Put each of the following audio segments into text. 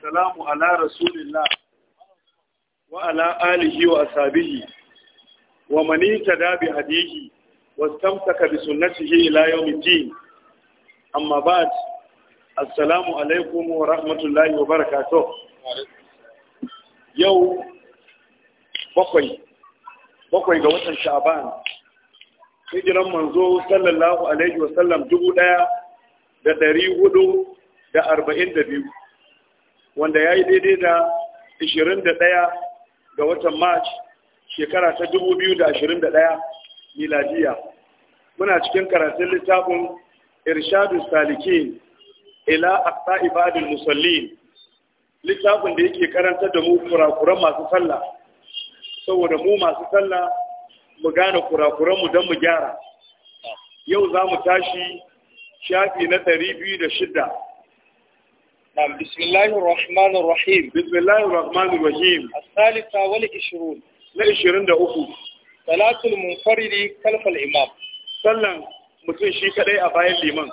salamu ala rasulillah wa ala alihi wa ashabihi wa man ittaba bi hadihi wastamsaka bi sunnatihi ila yawmiddin amma ba'd assalamu alaikum wa rahmatullahi wa barakatuh yau bakwai bakwai ga watan sha'ban hijiran manzo sallallahu alaihi wa sallam dubu daya da dari hudu da arba'in da biyu wanda ya yi daidai da 21 ga watan march shekara ta 2021 miladiya muna cikin karatun littafin irshadu salikin ila aqsa ibadul musallin littafin da yake karanta da mu kurakuran masu sallah saboda mu masu sallah mu gane kurakuran mu don mu gyara yau za mu tashi shafi na ɗari da 206 نعم بسم الله الرحمن الرحيم بسم الله الرحمن الرحيم الثالثة والعشرون لعشرين دقوة صلاة المنفرد خلف الإمام صلى mutum shi kadai a bayan liman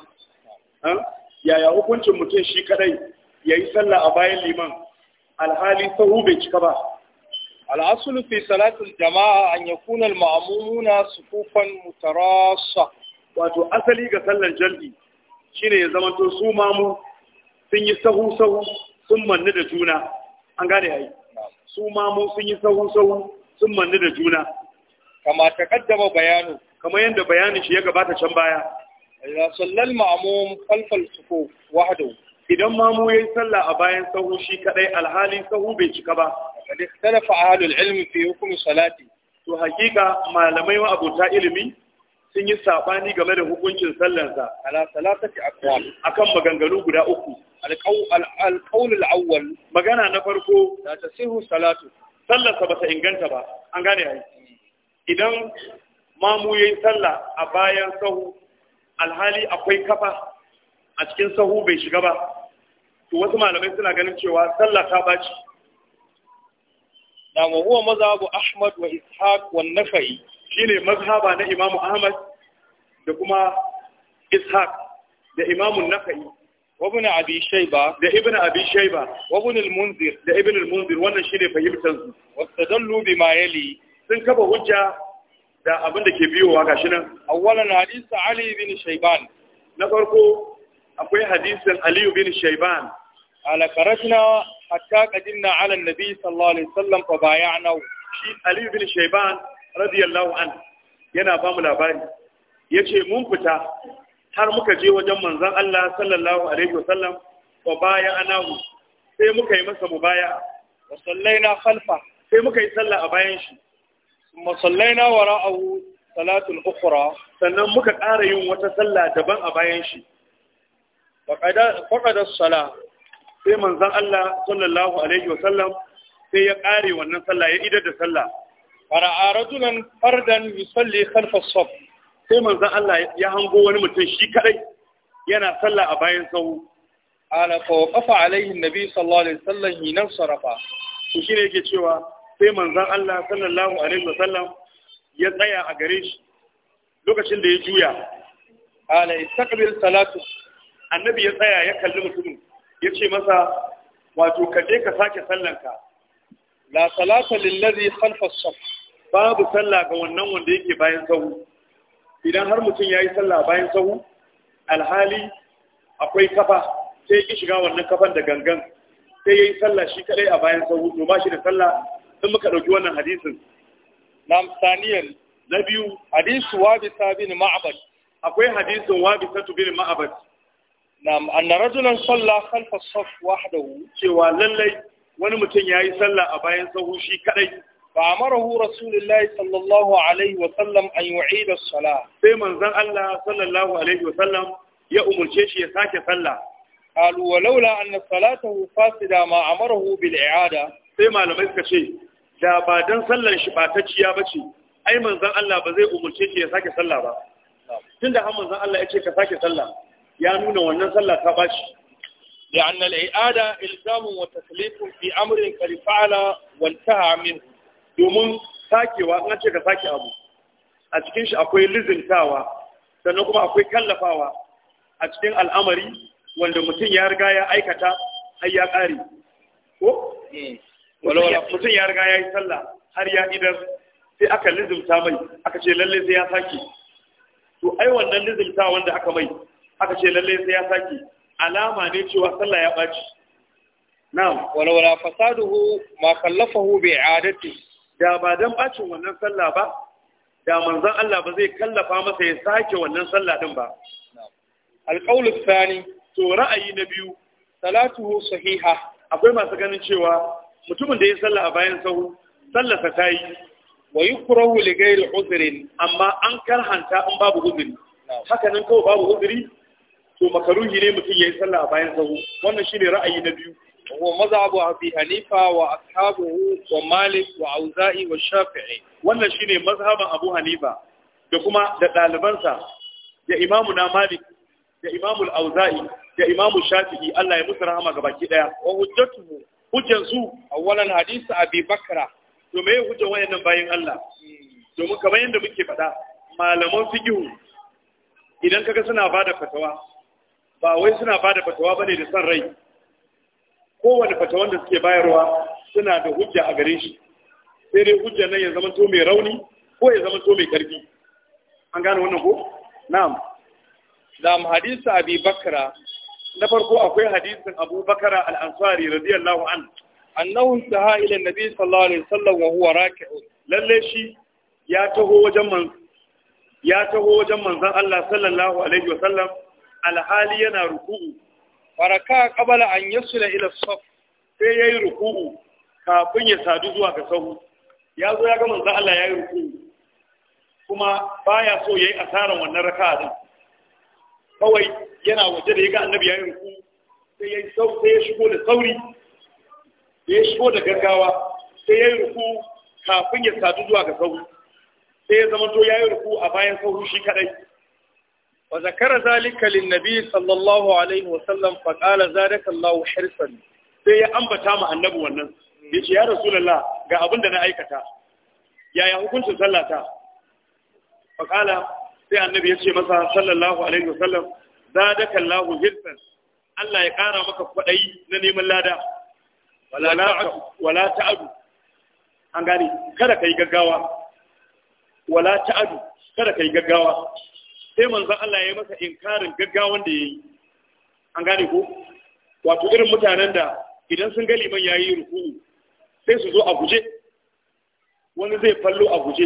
yaya hukuncin mutum shi kadai ya yi sallah a bayan liman alhali sahu bai cika ba al'asulu fi salatul jama'a an yakuna al-ma'mumuna sufufan mutarasa. wato asali ga sallar jalbi shine ya zamanto su mamu sun yi sahu sahu sun manni da juna an gane yayi su mamu sun yi sahu sahu sun manni da juna kama ta kaddama bayanu kamar yadda bayanin shi ya gabata can baya ya sallal ma'mum khalfal sufuf wahdahu idan mamu yayi sallah a bayan sahu shi kadai alhali sahu bai cika ba kada ikhtalafa ahlul ilmi fi hukmi salati to hakika malamai ma abuta ilimi sun yi sabani game da hukuncin sallansa ala salatati aqwa akan maganganu guda uku alqaul alqaul awwal magana na farko ta sihu salatu sallarsa ta inganta ba an gane ai idan mamu yayin sallah a bayan sahu alhali akwai kafa a cikin sahu bai shiga ba to wasu malamai suna ganin cewa sallah ta baci na wa huwa mazhabu ahmad wa ishaq wa nafa'i shine mazhaba na Imam Ahmad da kuma Ishaq da Imam Nakhai wa ibn Abi Shayba da ibn Abi Shayba wa ibn al-Munzir da ibn al-Munzir wannan shine fahimtar su wastadallu bima yali sun kafa hujja da abin da ke biyowa gashi nan awwalan hadisi Ali bin Shayban na farko akwai hadisin Ali bin Shayban ala karashna hatta qadimna ala an-nabi sallallahu alaihi wasallam fa bay'ana shi Ali bin Shayban radiyallahu an yana ba mu labari ce mun fita har muka je wajen manzon Allah sallallahu alaihi wa sallam. wa baya anahu sai muka yi masa mubaya wa sallaina khalfa sai muka yi sallah a bayan shi kuma sallaina wara'ahu salatul ukhra sannan muka ƙara yin wata sallah daban a bayan shi faqada sala sai manzon Allah sallallahu alaihi wa sallam sai ya ƙare wannan sallah ya idar da sallah fara'a rajulan fardan yusalli khalfa saf sai manzo Allah ya hango wani mutum shi kadai yana sallah a bayan sahu ala fawqafa alaihi nabi sallallahu alaihi wasallam hina sarafa to shine yake cewa sai manzon Allah sallallahu alaihi wasallam ya tsaya a gare shi lokacin da ya juya ala istaqbil salatu annabi ya tsaya ya kalli mutumin ya ce masa wato ka je ka sake sallanka la salata lillazi khalfa as-saff babu sallah ga wannan wanda yake bayan sahu idan har mutum ya yi sallah bayan sahu alhali akwai kafa sai ya shiga wannan kafan da gangan sai ya yi sallah shi kadai a bayan sahu to ba shi da sallah sun muka ɗauki wannan hadisin na saniyar na biyu hadisu wabisa bin ma'abad akwai hadisin wabisa bin ma'abad نعم anna rajulan صلى khalfa الصف wahdahu cewa lallai wani mutum yayi sallah a bayan sahu shi kadai فأمره رسول الله صلى الله عليه وسلم أن يعيد الصلاة في منزل الله صلى الله عليه وسلم يا أم الشيش يساك صلى قالوا ولولا أن صلاته فاسدة ما أمره بالإعادة في ما لم يسكشي دا بعدن صلى شباتك يا بشي أي منزل الله بزي أم الشيش يساك صلى با تندى هم منزل الله يشيك ساك صلى يا نونا ونن صلى تباشي لأن الإعادة إلزام وتكليف في أمر قد فعل وانتهى منه domin sakewa an ce ka sake abu a cikin shi akwai lizintawa sannan kuma akwai kallafawa a cikin al'amari wanda mutum ya riga ya aikata har ya ƙare ko eh. mutum ya riga ya yi sallah har ya idan sai aka lizimta mai aka ce lalle sai ya sake to ai wannan lizimta wanda aka mai aka ce lalle sai ya sake alama ne cewa sallah ya ɓaci na'am walawala fasaduhu ma kallafahu bi i'adati da ba don bacin wannan sallah ba da manzon Allah ba zai kallafa masa ya sake wannan sallah din ba alqaulu Sani to ra'ayi na biyu Talatu sahiha akwai masu ganin cewa mutumin da ya sallah a bayan sahu sallarsa ta yi wa yukrahu li ghairi uzrin amma an karhanta in babu uzuri haka nan kawai babu uzuri to makaruhi ne mutum ya yi sallah a bayan sahu wannan shi ne ra'ayi na biyu وهو مذهب أبي حنيفة وأصحابه ومالك وأوزائي والشافعي wannan shine mazhaban Abu Hanifa da kuma da ɗalibansa da Imamu na da Imamu Al-Auza'i da Imamu Shafi'i Allah ya mutu rahama gabaki daya wa hujjatuhu hujjansu awwalan hadisi Abi Bakra to hujja wayannan bayin Allah domin kamar yadda muke faɗa malaman fiqhu idan kaga suna bada fatawa ba wai suna bada fatawa bane da san rai kowane fata wanda suke bayarwa suna da hujja a gare shi sai dai hujja nan ya zama to mai rauni ko ya zama to mai karfi an gane wannan ko na'am na'am hadisi abi bakra na farko akwai hadisin abu bakra al-ansari radiyallahu an annahu saha ila nabi sallallahu alaihi wasallam wa huwa raki'u lalle shi ya taho wajen man ya taho wajen manzon Allah sallallahu alaihi wasallam alhali yana ruku'u faraka kabala an yasula ila saf sai yayi ruku'u kafin ya sadu zuwa ga sahu ya zo ya ga manzo Allah yayi ruku'u kuma baya so yayi asaran wannan raka'a din kawai yana waje da yaga annabi yayi ruku'u sai yayi sau sai ya shigo da sauri ya shigo da gaggawa sai yayi ruku'u kafin ya sadu zuwa ga sahu sai ya zama to yayi ruku'u a bayan sahu shi kadai وذكر ذلك للنبي صلى الله عليه وسلم فقال ذلك الله حرصا sai ya ambata ma annabi wannan ya ce ya rasulullah ga abin da na aikata yaya hukuncin sallata faqala sai annabi ya ce masa sallallahu alaihi wasallam zadaka Allahu hirsan Allah ya kara maka kwadai na neman lada wala ta'adu an gane kada kai gaggawa wala ta'adu kada kai gaggawa sai manzon Allah ya masa inkarin gaggawan da yayi an gane ko wato irin mutanen da idan sun ga liman yayi ruku'u sai su zo a guje wani zai fallo a guje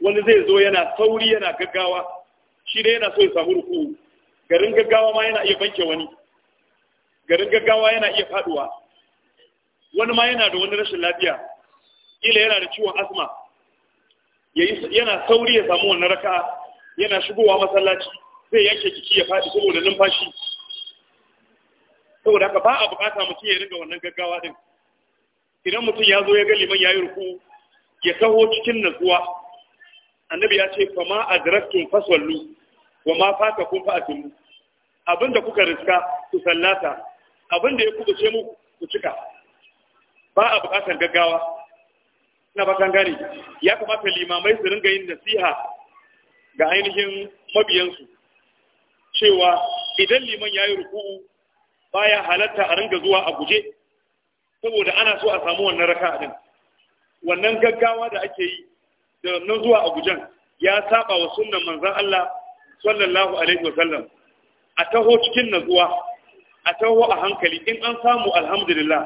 wani zai zo yana sauri yana gaggawa shi dai yana so ya samu ruku'u garin gaggawa ma yana iya banke wani garin gaggawa yana iya faduwa wani ma yana da wani rashin lafiya ila yana da ciwon asma yana sauri ya samu wannan raka yana shigowa masallaci zai yanke jiki ya faɗi saboda numfashi saboda haka ba a bukata mutum ya riga wannan gaggawa din idan mutum ya zo ya ga liman yayi ruku ya taho cikin natsuwa annabi ya ce fa ma adraktum fasallu wa ma fatakum fa atimu abinda kuka riska ku sallata abinda ya kubuce mu ku cika ba a bukatar gaggawa na ba kan gane ya kamata limamai su ringa yin nasiha ga ainihin mabiyansu cewa idan liman ya yi ruku'u baya halatta a ringa zuwa a guje saboda ana so a samu wannan raka din wannan gaggawa da ake yi da wannan zuwa a gujen ya saba wa sunnan manzon Allah sallallahu alaihi wa sallam a taho cikin nazuwa a taho a hankali in an samu alhamdulillah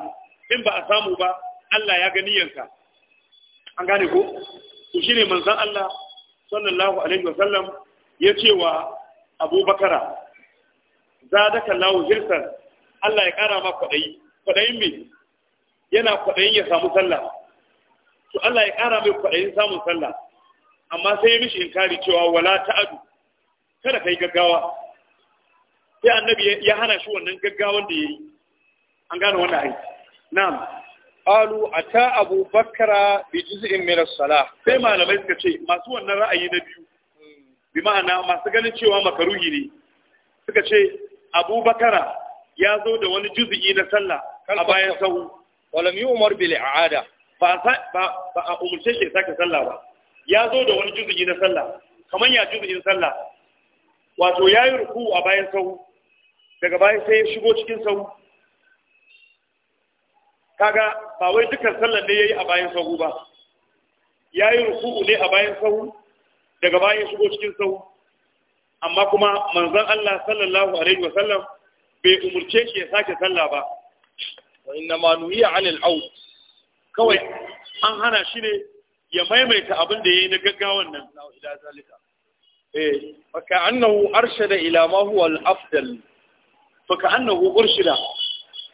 in ba a samu ba Allah ya ga niyyanka an gane ko to shine manzon Allah sallallahu alaihi wasallam ya ce wa abubakara za da kallahu hirsan Allah ya ƙara ma kwaɗayi kwaɗayin me yana kwaɗayin ya samu sallah to Allah ya ƙara mai kwaɗayin samun sallah amma sai ya mishi inkari cewa wala ta'adu kada kai gaggawa sai annabi ya hana shi wannan gaggawan da yayi an gane wannan aiki na'am qalu ata abu bakra bi juz'in min as-salah sai malamai suka ce masu wannan ra'ayi na biyu bi ma'ana masu ganin cewa makaruhi ne suka ce abu bakara ya zo da wani juz'i na sallah a bayan sahu walam yu'mar bil i'ada ba ba a umurce shi sake sallah ba ya zo da wani juz'i na sallah kamar ya juz'in sallah wato yayi ruku a bayan sahu daga bayan sai ya shigo cikin sahu kaga ba wai dukkan sallar ne yayi a bayan sahu ba yayi ruku'u ne a bayan sahu daga bayan shigo cikin sahu amma kuma manzon Allah sallallahu alaihi wa sallam bai umurce shi ya sake sallah ba wa inna ma nuhiya anil aud kawai an hana shi ne ya maimaita abin da yayi na gaggawan nan ila zalika eh fa ka'annahu arshada ila ma huwa al afdal fa ka'annahu urshida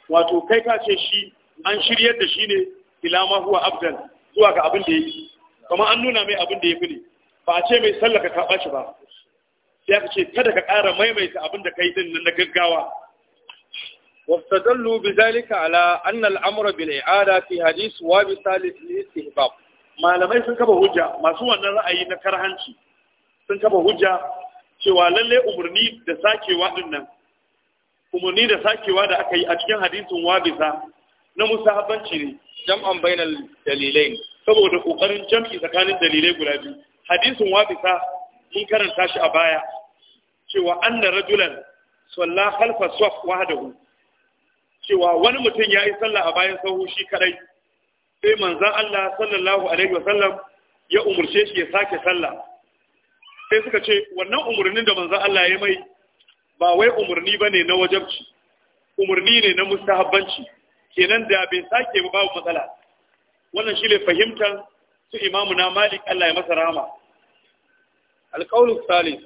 wato kai ka ce shi an shiryar da shi ne ila ma huwa abdal zuwa ga abin da yake kuma an nuna mai abin da yake ne ba a ce mai sallaka ka bashi ba sai aka ce kada ka ƙara maimaita abin da kai din nan na gaggawa واستدلوا بذلك على أن الأمر بالإعادة في حديث وابي ثالث للاستهباب malamai sun kaba hujja masu wannan ra'ayi na karhanci sun kaba hujja cewa lalle umarni da sakewa din nan umarni da sakewa da aka yi a cikin hadithin wabisa na musahabanci ne jam'an bainal dalilai saboda kokarin jam'i tsakanin dalilai guda biyu hadisin wafisa mun karanta shi a baya cewa anna rajulan salla khalfa saf wahdahu cewa wani mutum ya yi sallah a bayan sahu shi kadai sai manzon Allah sallallahu alaihi wasallam ya umurce shi ya sake sallah sai suka ce wannan umurnin da manzon Allah ya mai ba wai umurni bane na wajabci umurni ne na mustahabbanci kenan da bai sake ba babu matsala wannan shi ne fahimtar su imamu na malik Allah ya masa rama alƙawlin salis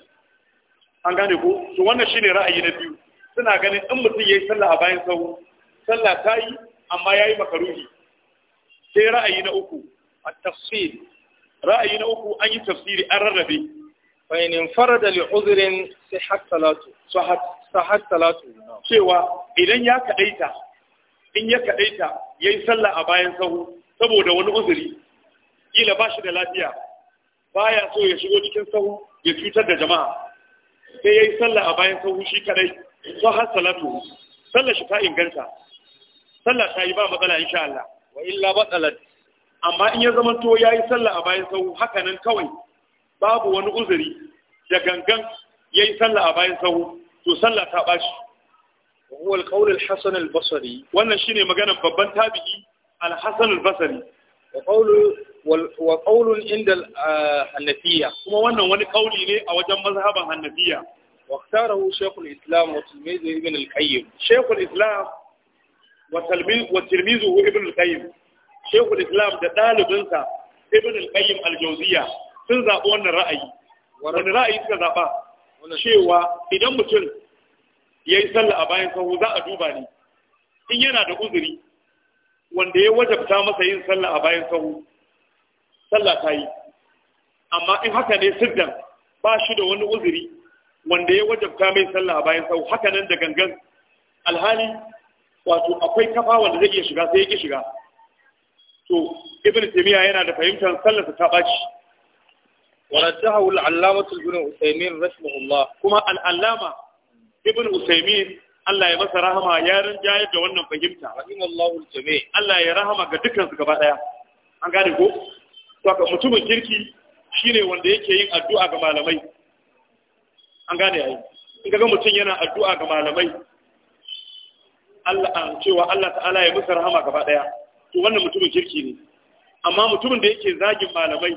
an gane ko to wannan shi ne ra'ayi na biyu suna ganin in mutum ya yi sallah a bayan sahu sallah ta yi amma ya yi makaruhi sai ra'ayi na uku a tafsir ra'ayi na uku an yi tafsiri an rarrabe fa in da li uzrin sihhat salatu sihhat cewa idan ya kaɗaita. in ya kaɗaita ya yi sallah a bayan sahu saboda wani uzuri ƙila ba shi da lafiya baya so ya shigo cikin sahu ya cutar da jama'a sai ya yi sallah a bayan sahu shi kaɗai so har salatu sallah shi ta inganta sallah ta yi ba matsala insha Allah wa illa batsalat amma in ya zamanto ya yi sallah a bayan sahu haka nan kawai babu wani uzuri da gangan ya yi sallah a bayan sahu to sallah ta ɓaci huwa alqawl alhasan albasri wannan shine maganar babban tabi'i alhasan basri wa qawlu wa qawlun inda hanafiya kuma wannan wani kauli ne a wajen mazhaban hanafiya واختاره شيخ الإسلام وتلميذه ابن القيم شيخ الإسلام وتلميذه ابن القيم شيخ الإسلام ده ɗalibinsa ابن al الجوزية sun zaɓi wannan ra'ayi wani ra'ayi suka zaɓa cewa idan mutum ya yi sallah a bayan sahu za a duba ne in yana da uzuri wanda ya wajabta masa yin sallah a bayan sahu sallah ta yi amma in haka ne siddan ba shi da wani uzuri wanda ya wajabta mai sallah a bayan sahu haka nan da gangan alhali wato akwai kafa wanda zai iya shiga sai ya ki shiga to ibn taymiya yana da fahimtar sallar ta baci ورجحه العلامة ابن عثيمين رحمه الله كما العلامة ibn usaimin Allah ya masa rahama ya rinjayar da wannan fahimta jami Allah ya rahama ga dukkan su gaba daya an gane ko to ka mutumin kirki shine wanda yake yin addu'a ga malamai an gane yayi in ga mutum yana addu'a ga malamai Allah an ah, cewa Allah ta'ala ya masa rahama gaba daya to wannan mutumin kirki ne amma mutumin da yake zagin malamai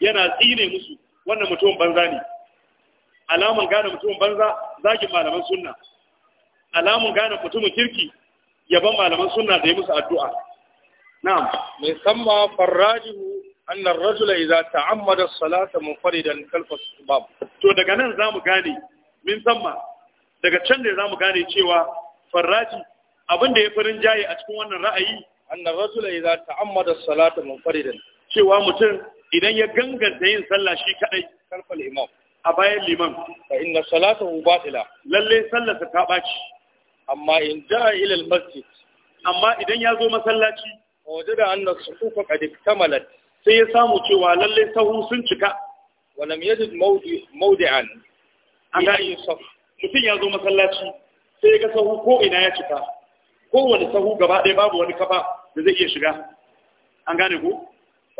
yana tsine musu wannan mutumin banza ne alamun gane mutumin banza zagin malaman sunna alamun gane mutumin kirki yaban malaman sunna da yi musu addu'a na'am mai samma farrajihu annar rajula idza ta'ammada salata munfaridan kalfa bab to daga nan zamu gane min samma daga can ne zamu gane cewa farraji abin da ya farin jaye a cikin wannan ra'ayi annar rajula idza ta'ammada salata munfaridan cewa mutum idan ya ganganta yin sallah shi kadai kalfa imam a bayan liman fa inna salatahu batila lalle sallarsa ta baci amma in jaa ila al masjid amma idan ya zo masallaci wajada anna sufufa qad iktamalat sai ya samu cewa lalle sahu sun cika wa lam yajid mawdi'an an ga yusuf mutum ya zo masallaci sai ga sahu ko ina ya cika kowane sahu gaba ɗaya babu wani kafa da zai iya shiga an gane ku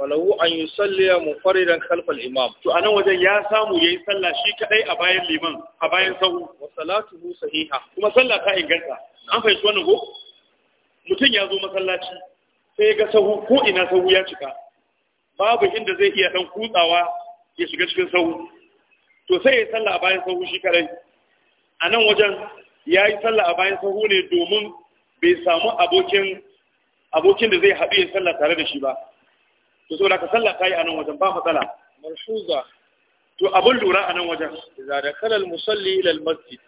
walau an yi salliya munfaridan khalfal imam to anan wajen ya samu yayi sallah shi kadai a bayan liman a bayan sahu wa salatuhu sahiha kuma sallah ta inganta an fahimci wannan ko mutum ya zo masallaci sai ya ga sahu ko ina sahu ya cika babu inda zai iya dan kutsawa ya shiga cikin sahu to sai ya sallah a bayan sahu shi kadai anan wajen ya yi sallah a bayan sahu ne domin bai samu abokin abokin da zai haɗu ya sallah tare da shi ba to saboda ka sallah yi a nan wajen ba matsala marhuza to abun lura a nan wajen idan da kalal musalli ila masjid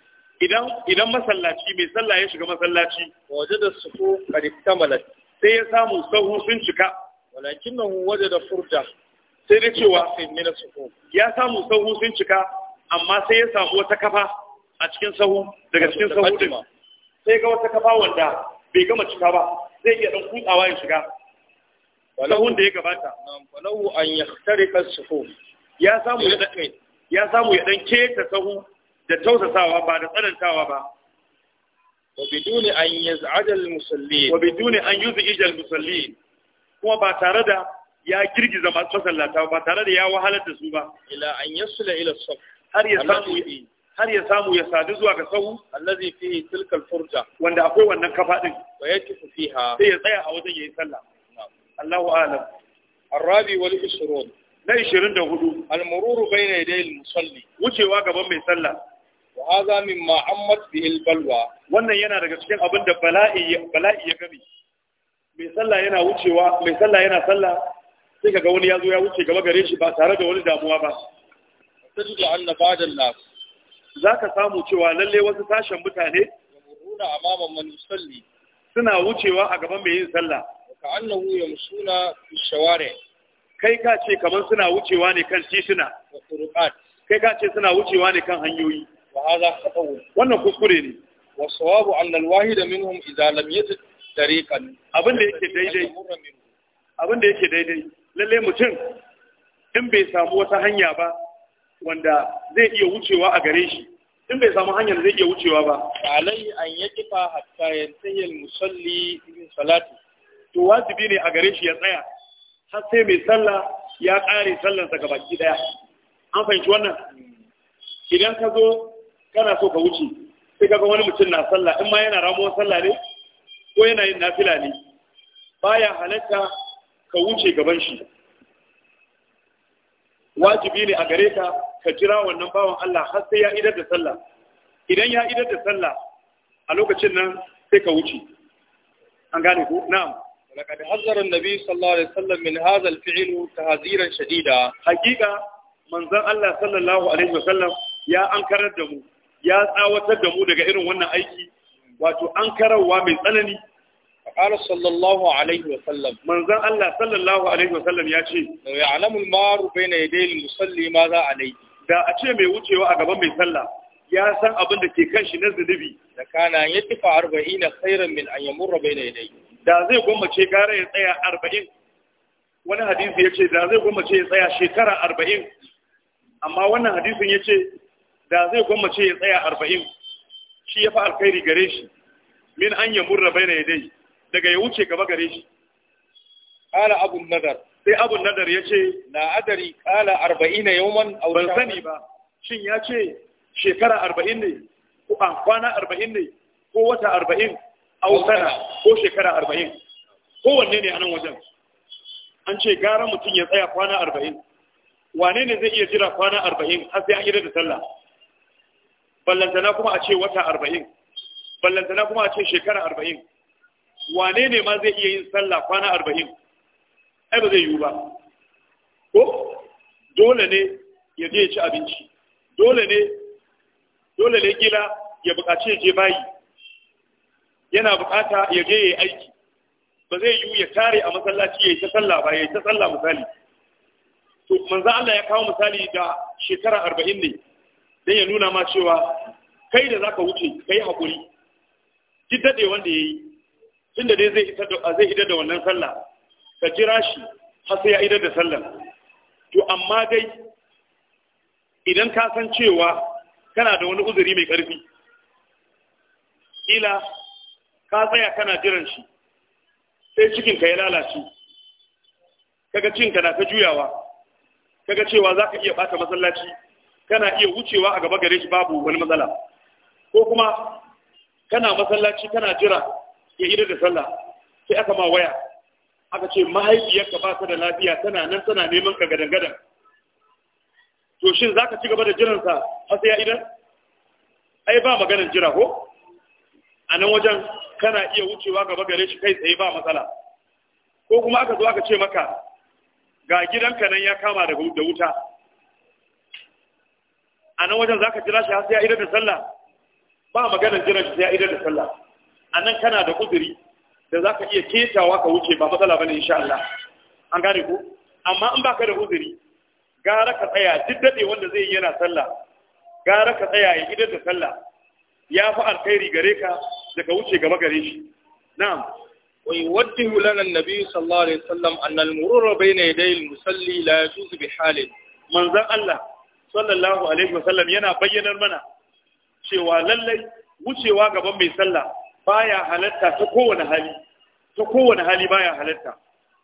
idan idan masallaci mai sallah ya shiga masallaci wajada sufu kad iktamalat sai ya samu sahu sun cika walakinahu wajada furda sai da cewa ya samu sahu sun cika amma sai ya samu wata kafa a cikin sahu daga cikin sahu din sai ga wata kafa wanda bai gama cika ba zai iya dan kutsawa ya shiga sahun da ya gabata falahu an yahtariqa sufu ya samu ya dan ya samu ya dan keta sahu da tausasawa ba da tsanantawa ba wa biduni an yaz'ada al-musallin wa biduni an yuzija al-musallin kuma ba tare da ya girgiza masu masallata ba tare da ya wahalar da su ba ila an yasula ila saf har ya samu har ya samu ya sadu zuwa ga sahu allazi fihi tilka furja wanda akwai wannan kafa din wa yakifu fiha sai ya tsaya a wajen yayin sallah Allahu alam arabi wal ishrun na 24 al mururu bayna yadayil musalli wucewa gaban mai sallah wa hadha mimma ammat bihi al balwa wannan yana daga cikin abinda bala'i bala'i ya gabi mai sallah yana wucewa mai sallah yana sallah sai kaga wani ya zo ya wuce gaba gare shi ba tare da wani damuwa ba tajidu anna ba'da nas zaka samu cewa lalle wasu sashen mutane yamuruna amama man yusalli suna wucewa a gaban mai yin sallah ka annahu yamsuna fi shawari kai ka ce kamar suna wucewa ne kan tituna wa turuqat kai ka ce suna wucewa ne kan hanyoyi wa hadha khata'u wannan kuskure ne wa sawabu anna al-wahid minhum idza lam yajid tariqan abin da yake daidai abin yake daidai lalle mutum in bai samu wata hanya ba wanda zai iya wucewa a gare shi in bai samu hanyar zai iya wucewa ba alai an yaqifa hatta yantahi al-musalli min salati to wajibi ne a gare shi ya tsaya har sai mai sallah ya ƙare sallansa ga baki ɗaya an fahimci wannan idan ka zo kana so ka wuce sai ka ga wani mutum na sallah in ma yana ramuwa sallah ne ko yana yin nafila ne baya halatta ka wuce gaban shi wajibi ne a gare ka ka jira wannan bawan Allah har sai ya idar da sallah idan ya idar da sallah a lokacin nan sai ka wuce an gane ku na'am ولقد حذر النبي صلى الله عليه وسلم من هذا الفعل تهذيرا شديدا حقيقه Allah sallallahu alaihi wasallam ya ankarar da mu ya tsawatar da mu daga irin wannan aiki wato ankararwa mai tsanani قال صلى الله عليه وسلم من ذا الله صلى الله عليه وسلم ya ce لو يعلم المار بين يدي المصلي ماذا عليه da a ce mai wucewa a gaban mai sallah ya san abin da ke kan shi na zunubi da kana yatfa 40 khairan min an yamurra bayna yadayhi da zai gwammace gara ya tsaya arba'in wani hadisi ya ce da zai gwammace ya tsaya shekara arba'in amma wannan hadisin ya ce da zai gwammace ya tsaya arba'in shi ya fi alkhairi gare shi min an yamur bai na dai daga ya wuce gaba gare shi ƙala abun nadar sai abun nadar ya ce na adari ƙala arba'in a yawon ban sani ba shin ya ce shekara arba'in ne ko an kwana arba'in ne ko wata arba'in au sana ko shekara arba'in kowanne ne a nan wajen an ce gara mutum ya tsaya kwana arba'in wane ne zai iya jira kwana arba'in har sai an yi da sallah ballantana kuma a ce wata arba'in ballantana kuma a ce shekara arba'in wane ne ma zai iya yin sallah kwana arba'in ai ba zai yiwu ba ko dole ne ya je ya ci abinci dole ne dole ne gila ya buƙaci ya je bayi yana bukata ya je yayi aiki ba zai yi ya tare a masallaci ya ta sallah ba ya ta sallah misali to manzo Allah ya kawo misali da shekara arba'in ne dan ya nuna ma cewa kai da zaka wuce kai hakuri ki dade wanda yayi tunda dai zai ita da zai idar da wannan sallah ka jira shi har sai ya idar da sallah to amma dai idan ka san cewa kana da wani uzuri mai ƙarfi, ila ka tsaya kana jiran shi sai cikinka ya lalace kaga cinka na ta juyawa kaga cewa za ka iya bata masallaci kana iya wucewa a gaba gare shi babu wani matsala ko kuma kana masallaci kana jira ya yi da sallah sai aka ma waya aka ce mahaifiyarka ba ta da lafiya tana nan tana neman ka gadan gadan to shin za ka ci gaba da jiransa har sai ya idan ai ba maganar jira ko a nan wajen kana iya wucewa gaba gare shi kai tsaye ba matsala ko kuma aka zo aka ce maka ga gidanka nan ya kama da wuta a nan wajen za ka jira shi har sai ya idar da sallah ba maganar jiran shi sai ya idar da sallah a nan kana da kuduri da za ka iya ketawa ka wuce ba matsala ba ne insha Allah an gane ku. amma in baka da kuduri gara ka tsaya duk dade wanda zai yi yana sallah gara ka tsaya ya idar da sallah ya fi alkhairi gare ka da wuce gaba gare shi na'am wa yuwaddihu lana an-nabi sallallahu alaihi wasallam an al-murur bayna yaday al-musalli la yajuzu bi halin Manzan Allah sallallahu alaihi wasallam yana bayyanar mana cewa lallai wucewa gaban mai sallah baya halatta ta kowane hali ta kowane hali baya halatta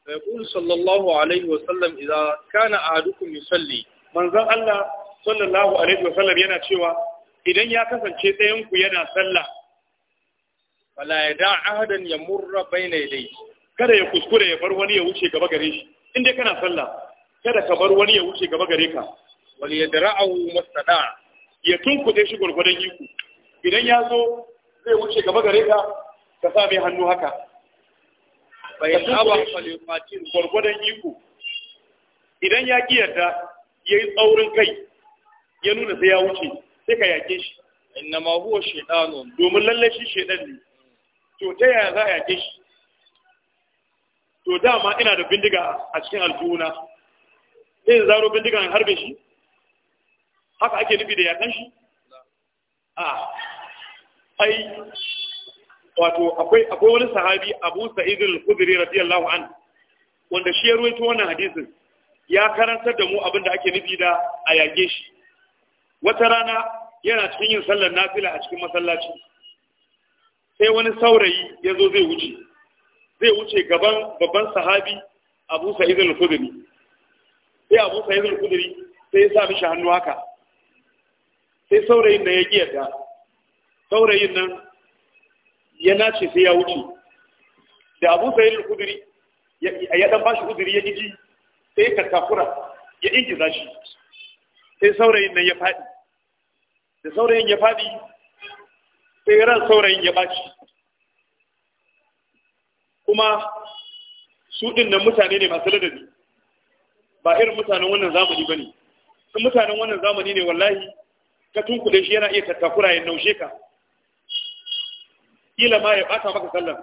يقول Sallallahu alaihi عليه وسلم إذا كان أحدكم يصلي من ذا الله صلى الله عليه وسلم yana cewa idan ya kasance ɗayanku yana sallah fala ya da ahadan ya murra bayna yadayhi kada ya kuskure ya bar wani ya wuce gaba gare shi in dai kana sallah kada ka bar wani ya wuce gaba gare ka wal yadra'u mustada ya tunkuɗe shi gurgurdan iko idan ya zo zai wuce gaba gare ka ka sa mai hannu haka bayan aba falifatin gurgurdan iko idan ya ki yarda yayi tsaurin kai ya nuna sai ya wuce sai ka yake shi inna ma huwa shaytanun domin lalle shi shaytan ne to ta yaya za a yake shi to dama ina da bindiga a cikin aljuna zai zaro bindigan harbe shi haka ake nufi da yakan shi a ai wato akwai akwai wani sahabi Abu Sa'id al-Khudri radiyallahu an wanda shi ya ruwaito wannan hadisin ya karantar da mu abin da ake nufi da a yage shi wata rana yana cikin yin sallar nafila a cikin masallaci sai wani saurayi ya zo zai wuce zai wuce gaban babban sahabi abu sa'id al-khudri sai abu sa'id al-khudri sai ya sa mishi hannu haka sai saurayin da ya yadda saurayin nan ya nace sai ya wuce da abu sa'id al-khudri ya dan bashi udiri ya ji sai ya takura ya ingiza shi sai saurayin nan ya faɗi da saurayin ya faɗi sai ran saurayin ya ɓaci kuma su ɗin nan mutane ne masu ladabi ba irin mutanen wannan zamani ba ne sun mutanen wannan zamani ne wallahi ka tunkuɗe shi yana iya tattakura ya naushe ka ila ma ya ɓata maka sallar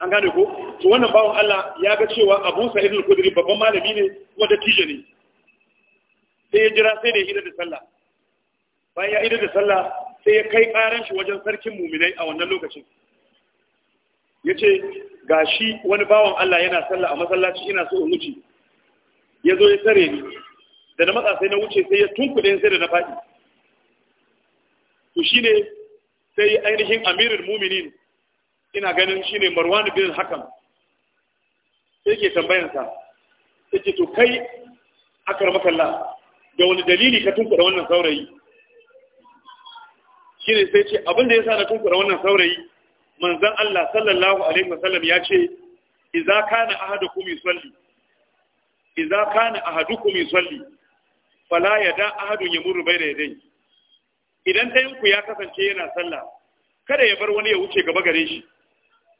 an gane ko to wannan bawan Allah ya ga cewa Abu Sa'id al-Khudri babban malami ne kuma dattijo ne sai ya jira sai da ya idar da sallah bayan ya idar da sallah sai ya kai karan shi wajen sarkin muminai a wannan lokacin ya ce ga shi wani bawan Allah yana sallah a masallaci ina so in wuce ya zo ya tare ni da na matsa sai na wuce sai ya tunkuɗe sai da na faɗi to shine sai ainihin amirul muminin ina ganin shine marwan bin hakan sai ke tambayansa sai ke to kai akar makalla da wani dalili ka tunkuɗe wannan saurayi shine sai ce abin da ya sa na kunkura wannan saurayi manzon Allah sallallahu alaihi wasallam ya ce idza kana ahadukum yusalli idza kana ahadukum yusalli fala yada ahadun yamuru bayda yadayhi idan dayan ku ya kasance yana sallah kada ya bar wani ya wuce gaba gare shi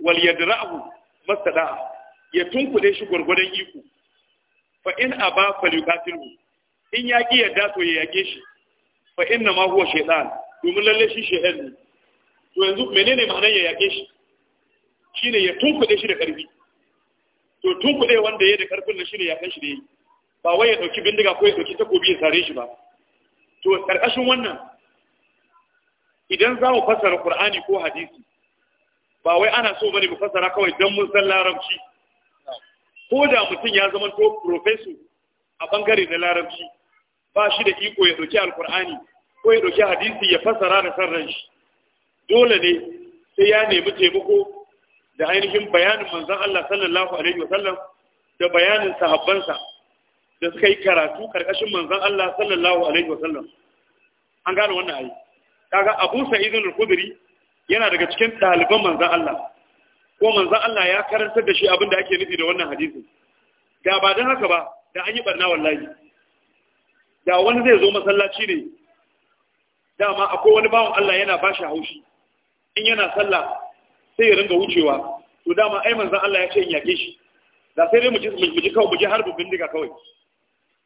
wal yadra'u mastada ya dai shi gurgurdan iko fa in aba falyuqatilhu in ya ki yadda to ya yake shi fa inna ma huwa shaytan domin lalle shi shedan to yanzu menene ma'anar ya yake shi shine ya tunkuɗe shi da ƙarfi to tunkuɗe wanda ya da ƙarfin na shine ya kan shi da yi ba wai ya ɗauki bindiga ko ya ɗauki takobi ya sare shi ba to ƙarƙashin wannan idan za mu fassara Qur'ani ko hadisi ba wai ana so bane mu fassara kawai dan mun san larabci ko da mutum ya zama to professor a bangare na larabci ba shi da iko ya ɗauki alƙur'ani ko ya ɗauki hadisi ya fassara da san shi dole ne sai ya nemi taimako da ainihin bayanin manzon Allah sallallahu alaihi wasallam da bayanin sahabbansa da suka yi karatu karkashin manzon Allah sallallahu alaihi wasallam an gane wannan ayi kaga Abu Sa'id al-Khudri yana daga cikin ɗaliban manzon Allah ko manzon Allah ya karantar da shi abin da ake nufi da wannan hadisin da ba don haka ba da an yi barna wallahi da wani zai zo masallaci ne dama akwai wani bawan Allah yana ba shi haushi in yana sallah sai ya ringa wucewa to dama ai manzon Allah ya ce in yake shi da sai dai mu ji mu ji kawai mu ji harbin bindiga kawai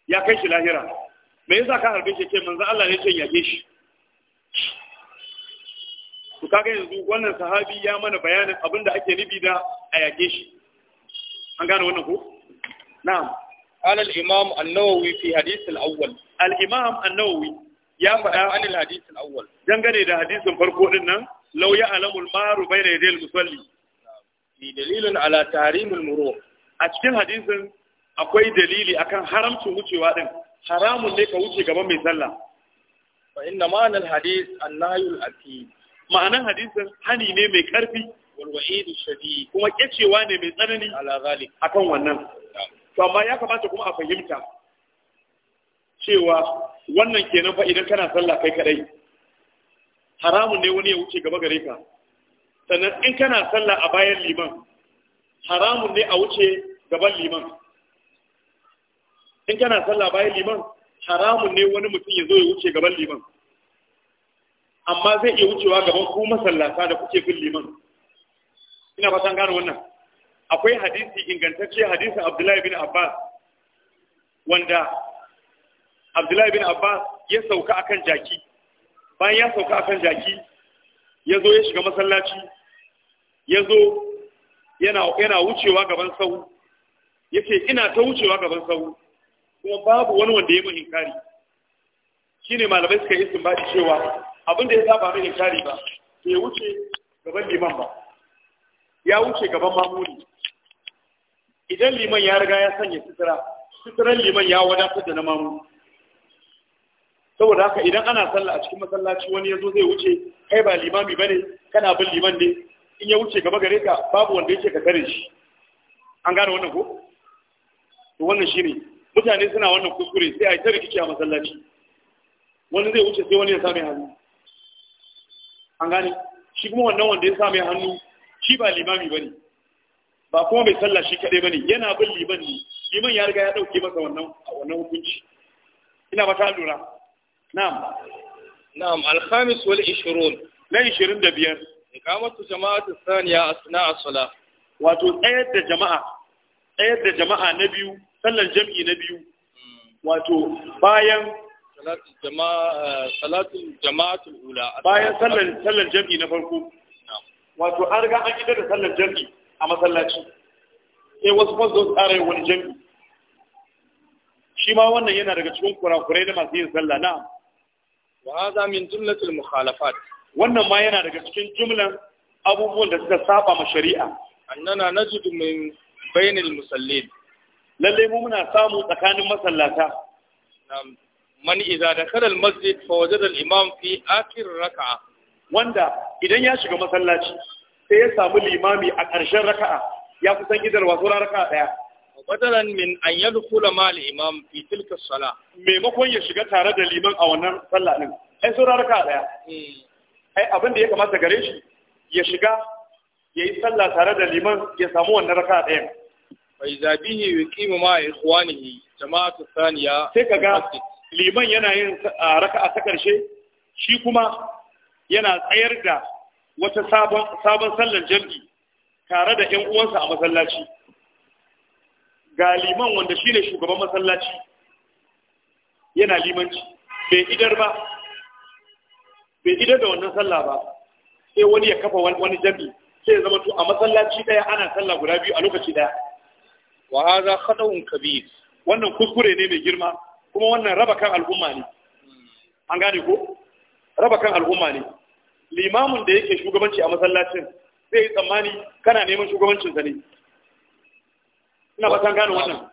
ya kai shi lahira me yasa ka harbe shi ke manzon Allah ne ya ce in yake shi to kaga yanzu wannan sahabi ya mana bayanin abinda ake nufi da a yake shi an gane wannan ko na'am قال الإمام النووي في حديث الأول الإمام النووي ya faɗa an hadisin awwal dangane da hadisin farko din nan law ya alamul maru bayna yadayil musalli Ni dalilin ala tahrimul muru a cikin hadisin akwai dalili akan haramcin wucewa din haramun ne ka wuce gaban mai sallah fa inna ma'ana al-hadis an-nahyu al-aqid ma'anan hadisin hani ne mai karfi wal wa'id shadid kuma kecewa ne mai tsanani ala zalik akan wannan to amma ya kamata kuma a fahimta cewa wannan kenan fa idan kana sallah kai kadai haramun ne wani ya wuce gaba gare ka sannan in kana sallah a bayan liman haramun ne a wuce gaban liman in kana sallah bayan liman haramun ne wani mutum ya zo ya wuce gaban liman amma zai iya wucewa gaban ku masallata da kuke bin liman ina san gane wannan akwai hadisi ingantacce hadisi abdullahi bin abbas wanda abdullahi bin abbas ya sauka akan jaki bayan ya sauka akan jaki ya zo ya shiga masallaci ya zo yana wucewa gaban sau ya ce ina ta wucewa gaban sau kuma babu wani wanda ya mun inkari shi ne malamai suka yi sumbati cewa abinda ya saba mai inkari ba ya wuce gaban liman ba ya wuce gaban mamuni idan liman ya riga ya sanya sutura sutura liman ya wadatar da na mamuni saboda haka idan ana sallah a cikin masallaci wani ya zo zai wuce kai ba limami bane kana bin liman ne in ya wuce gaba gare ka babu wanda yake ka tare shi an gane wannan ko to wannan shine mutane suna wannan kuskure sai a yi ta rikici a masallaci wani zai wuce sai wani ya same hannu an gane shi kuma wannan wanda ya same hannu shi ba limami bane ba kuma bai sallah shi kadai bane yana bin liman ne liman ya riga ya dauke masa wannan wannan hukunci ina ba ta lura na'am na'am alhamis wal 20 na 25 iqamatu jama'atu thaniya asna as-salah wato tsayar da jama'a tsayar da jama'a na biyu sallan jam'i na biyu hmm. wato bayan salatul jam'i na farko wato an riga an idar da sallan jam'i a masallaci sai wasu fa zo tsara wani jam'i shi ma wannan yana daga cikin kurakurai na masu yin sallah na wa hadha min jumlatil wannan ma yana daga cikin jumlan abubuwan da suka saba ma shari'a annana najidu min bainil musallin lalle mu muna samu tsakanin masallata man idza dakhala al masjid fa wajada al imam fi akhir raka. wanda idan ya shiga masallaci sai ya samu limami a ƙarshen raka'a ya kusan idarwa sauran raka'a daya badaran min an yadkhula ma al-imam fi tilka maimakon ya shiga tare da liman a wannan sallah din ai sauran raka daya hmm. ai abin da ya kamata gare shi ya shiga ya yi sallah tare da liman ya samu wannan raka daya fa idza bihi yuqimu ma ikhwanihi jama'atu thaniya sai kaga liman yana yin raka'a ta karshe shi kuma yana tsayar da wata sabon sabon sallar jami'i tare da ƴan uwansa a masallaci ga liman wanda ne shugaban masallaci yana limanci bai idar ba bai idar da wannan sallah ba sai wani ya kafa wani jami sai zama to a masallaci daya ana sallah guda biyu a lokaci daya wa hadha khata'un kabir wannan kuskure ne mai girma kuma wannan raba kan al'umma ne an gane ko raba kan al'umma ne limamin da yake shugabanci a masallacin zai yi tsammani kana neman shugabancin sa ne ina ba san gane wannan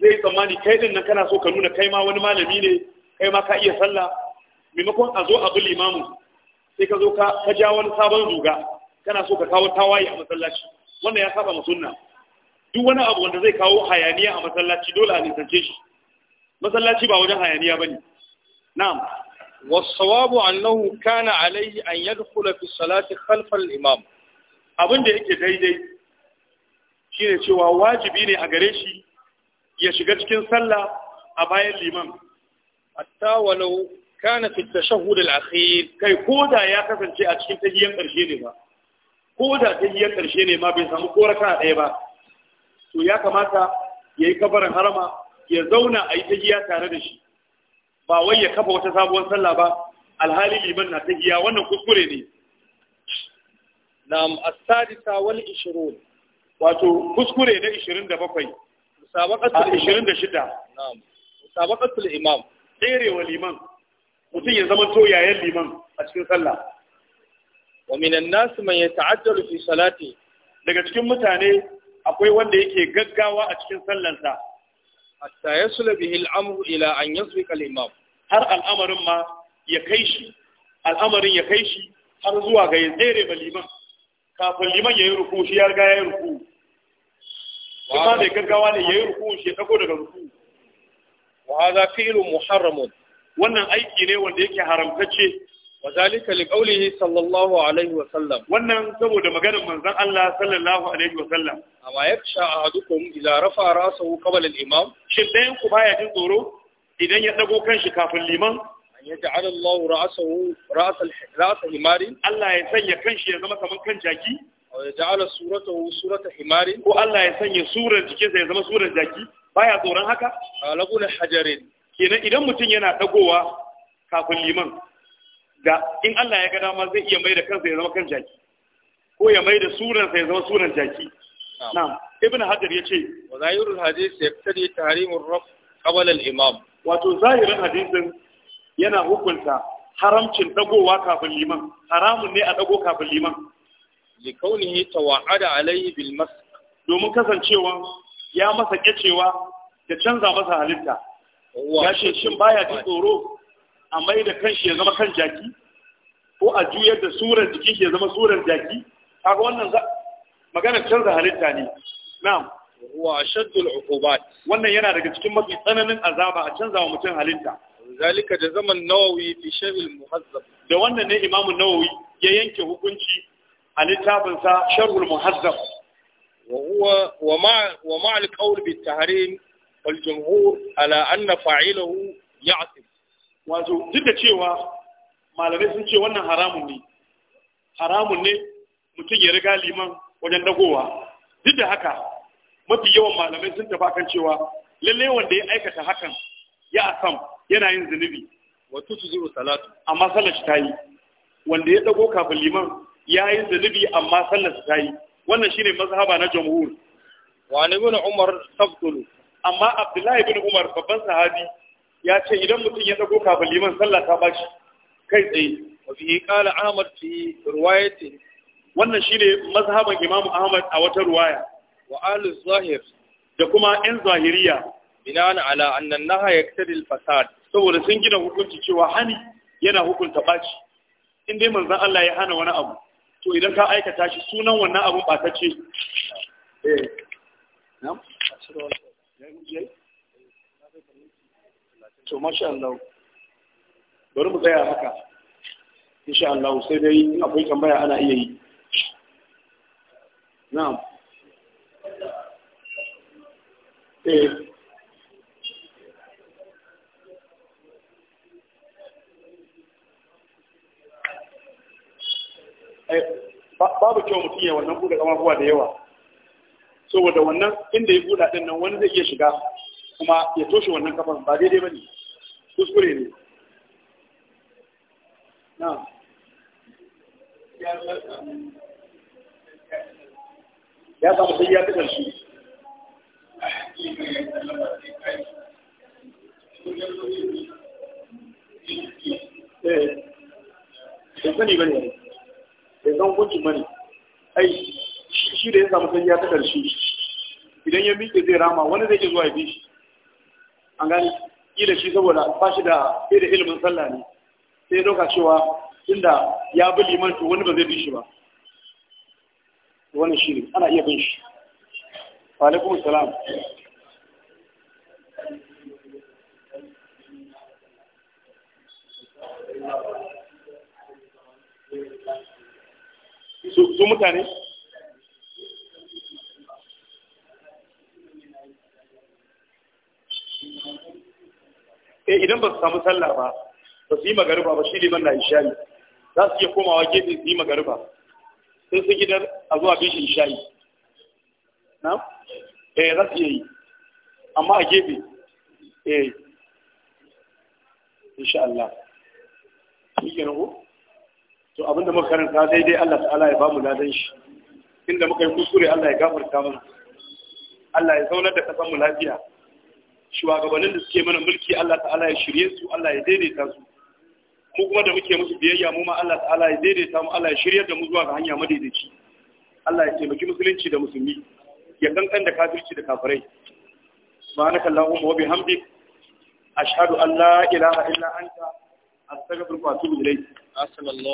zai tsammani kai din nan kana so ka nuna kai ma wani malami ne kai ma ka iya sallah maimakon a zo a bi limamu sai ka zo ka ja wani sabon zuga kana so ka kawo tawaye a masallaci wannan ya saba sunna duk wani abu wanda zai kawo hayaniya a masallaci dole a nisance shi masallaci ba wajen hayaniya bane na'am والصواب أنه كان عليه أن يدخل في الصلاة خلف الإمام abin da yake daidai Shi ne cewa wajibi ne a gare shi ya shiga cikin sallah a bayan liman hatta walau kana fi tashahhud al-akhir kai koda ya kasance a cikin tahiyyar karshe ne ba koda tahiyyar karshe ne ma bai samu koraka raka ɗaya ba to ya kamata yayi kabarin harama ya zauna a yi tahiyya tare da shi ba wai ya kafa wata sabuwar sallah ba alhali liman na tahiyya wannan kuskure ne na'am as wal wato kuskure na 27 musabaqatul 26 ah, na'am musabaqatul imam tserewa liman mutum ya zama to yayan liman a cikin sallah wa minan nas man yata'ajjalu fi salati daga cikin mutane akwai wanda yake gaggawa a cikin sallansa hatta tsaye bihi al-amru ila an yasbiqa al-imam har al'amarin ma ya kai shi al'amarin ya kai shi har zuwa ga ya tsere ba liman kafin liman ya yi ruku shi ya riga ya yi ruku kuma mai gaggawa ne ya yi ruku shi ya ɗago daga ruku wa hadha fi'lun muharramun wannan aiki ne wanda yake haramtacce wa zalika li qawlihi sallallahu alaihi wa sallam wannan saboda maganar manzon Allah sallallahu alaihi wa sallam amma yaksha ahadukum idza rafa ra'sahu qabla al-imam shin dayan ku baya jin tsoro idan ya dago kanshi kafin liman ya ja'ala Allah ra'sahu ra'sal ra'sa himarin Allah ya sanya kanshi ya zama kamar kan jaki aw ya ja'ala suratahu surata himarin ko Allah ya sanya surar jikinsa ya zama surar jaki baya tsoron haka hajarin kenan idan mutum yana dagowa kafin liman ga in Allah ya ga dama zai iya mai da kansa ya zama kan jaki ko ya mai da suransa ya zama suran jaki na'am ibnu hajar yace wa zahirul hadith yaktari tahrimur raf qabla al imam wato zahirin hadisin yana hukunta haramcin dagowa kafin liman haramun ne a dago kafin liman kaunihi tawa'ada alaihi bil mas domin kasancewa ya masa kecewa da canza masa halitta ya ce shin baya ji tsoro a mai da kanshi ya zama kan jaki ko a juyar da surar jikin shi ya zama surar jaki kaga wannan magana canza halitta ne na'am wa ashaddu al-uqubat wannan yana daga cikin mafi tsananin azaba a canza wa mutum halitta zalika da zaman nawawi fi sharhil muhazzab da wannan ne imamu nawawi ya yanke hukunci a littafin sa sharhul muhazzab wa huwa wa ma wa ma al qawl bi tahrim wal jumhur ala anna fa'ilahu ya'tib wato duk da cewa malamai sun ce wannan haramun ne haramun ne mutum ya riga liman wajen dagowa duk da haka mafi yawan malamai sun tafi kan cewa lalle wanda ya aikata hakan ya asam yana yin zunubi wa zuru salatu amma sallar shi tayi wanda ya dago kafin liman ya yi zunubi amma sallar shi tayi wannan shine mazhaba na jamhur wa ne ibn umar tabtulu amma abdullahi ibn umar babban sahabi ya ce idan mutum ya dago kafin liman sallah ta bashi kai tsaye wa fi qala ahmad fi riwayati wannan shine mazhaban imamu ahmad a wata ruwaya wa al zahir da kuma in zahiriya binan ala annan naha ya fasad saboda sun gina hukunci cewa hani yana hukunta baci in dai manzan Allah ya hana wani abu to idan ka aikata shi sunan wannan abu ba ta ce eh. to masha Allah bari mu tsaya haka insha Allah sai dai in akwai tambaya ana iya yi na'am eh Eh, babu kyau mutum ya wannan buɗe ƙafafuwa da yawa saboda wannan inda ya buɗa ɗin nan wani zai iya shiga kuma ya toshe wannan kafan ba daidai ba ne kuskure ne ya samu sai ya ta ƙarshe Eh, sani ba ne. bai san hukuncin mani ai shi da ya samu ya ta ƙarshe idan ya miƙe zai rama wani zai ke zuwa ya bi shi an gani ƙila shi saboda ba shi da sai da ilimin sallah ne sai ya ɗauka cewa inda ya bi liman to wani ba zai bi shi ba wani shi ne ana iya bin shi wa alaikum salam Ko mutane eh, idan ba su samu sallah ba ba su yi magariba ba shi liman na ishayi za su iya komawa gefe su yi magariba sai su gidan a zuwa bishi ishayi na? eh za su iya yi amma a gefe eh insha Allah shi ke na to abinda muka karanta daidai Allah ta'ala ya bamu ladan shi inda muka yi kuskure Allah ya gafarta mana Allah ya zaunar da kasan mu lafiya shugabannin da suke mana mulki Allah ta'ala ya shirye su Allah ya daidaita su mu kuma da muke musu biyayya mu ma Allah ta'ala ya daidaita mu Allah ya shirye da mu zuwa ga hanya madaidaici Allah ya taimaki musulunci da musulmi ya kankan da kafirci da kafirai subhanaka allahumma wa bihamdik ashhadu an la ilaha illa anta astaghfiruka wa atubu ilayk